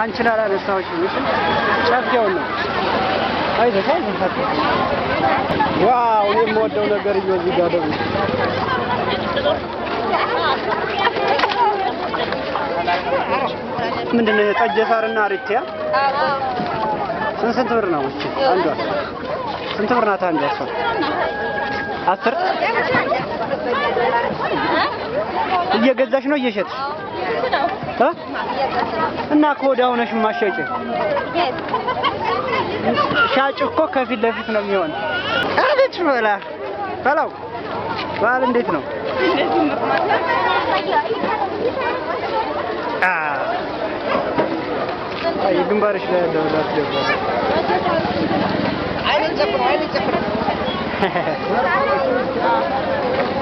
አንቺ ላይ ላላነሳዎች ምስል ጨፍየው ነው። አይተሳ ዋው! እኔ የምወደው ነገር እዚህ ጋር ደግሞ ምንድን ነው? ጠጀ ሳርና አሪቲያ ስንት ብር ነው? አንዷ ስንት ብር ናት? አንዷ አስር እየገዛሽ ነው እየሸጥሽ? እና ከወዳ ሆነሽ ማሸጭ ሻጭ እኮ ከፊት ለፊት ነው የሚሆን። አለች በላ በላው በዓል እንዴት ነው? አይ ግንባርሽ ላይ ያለው አይደል?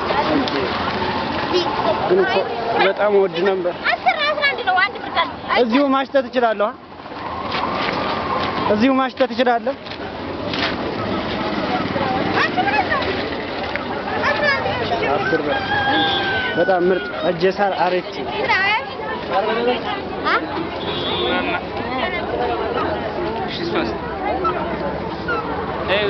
ግን እኮ በጣም ወድ ነበር። እዚሁ ማሽተት እችላለሁ። እዚሁ ማሽተት እችላለሁ። በጣም ምርጥ አጀሳር አሬት She's fast. Hey,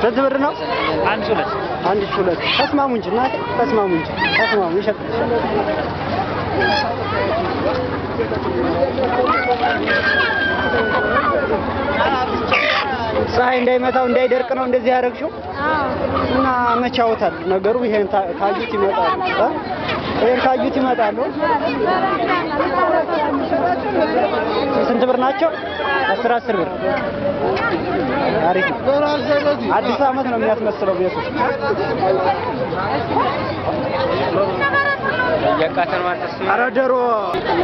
ስንት ብር ነው? አንድ ሁለት አንድ ሁለት ተስማሙ እንጂ እናቴ ተስማሙ እንጂ ተስማሙ ይሸጥ ፀሐይ እንዳይመታው እንዳይደርቅ ነው እንደዚህ ያደረግሽው። እና መቻውታል ነገሩ ይሄን ካዩት ይመጣሉ። ይሄን ካዩት ይመጣሉ። ስንት ብር ናቸው? አስር አስር ብር። አሪፍ ነው። አዲስ ዓመት ነው የሚያስመስለው ቤቱ የቃተን ማለት ነው። ኧረ ዶሮ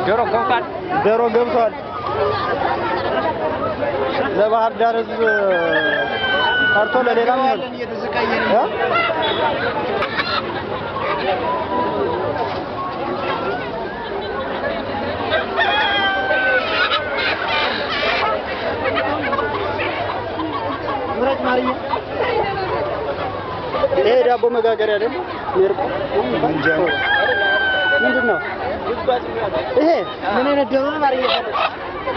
ዶሮ ገብቷል፣ ዶሮ ገብቷል። ለባህር ዳር ህዝብ ቀርቶ ለሌላም ይሄ ዳቦ መጋገሪያ አይደል? ምንድን ነው ይሄ? ምን የነደሩ ነው?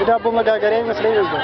ዳቦ መጋገሪያ ይመስለኝ ነበር።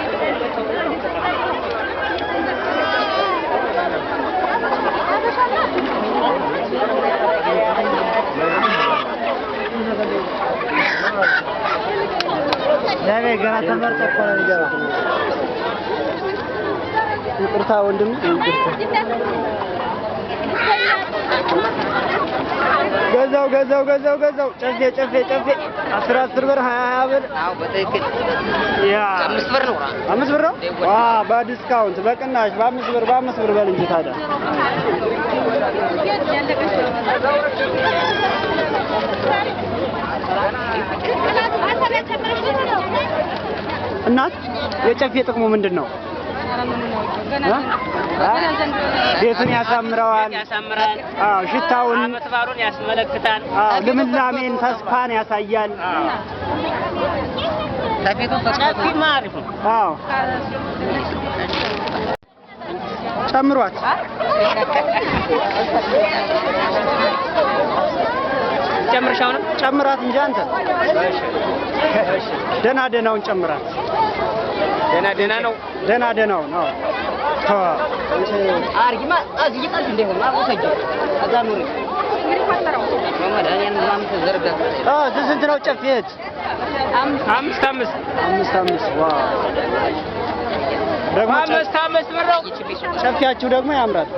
ለኔ ገና ተመርጠህ እኮ ነው የሚገባው። ይቅርታ ወንድም፣ ገዛው ገዛው ገዛው ገዛው። ጨፌ ጨፌ ጨፌ አስር አስር ብር ሀያ ሀያ ብር። አዎ በትክክል ያ አምስት ብር ነው አምስት ብር ነው። ዋ በዲስካውንት በቅናሽ በአምስት ብር በአምስት ብር በል እንጂ ታዲያ እናት የጨፌ ጥቅሙ ምንድን ነው? ቤቱን ያሳምረዋል። አዎ፣ ሽታውን ዓመት ያስመለክታል። ልምላሜን ተስፋን ያሳያል። ጨምሯት ጨምርሻው ነው ጨምራት እንጂ አንተ ደና ደናውን ጨምራት። ደና ደና ነው ደና ደናው ነው ስንት ነው ጨፌት? አምስት አምስት አምስት አምስት ደግሞ አምስት አምስት ጨፌያችሁ ደግሞ ያምራል።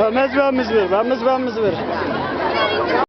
Vermez vermez ver. Vermez vermez ver.